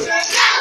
Brasil.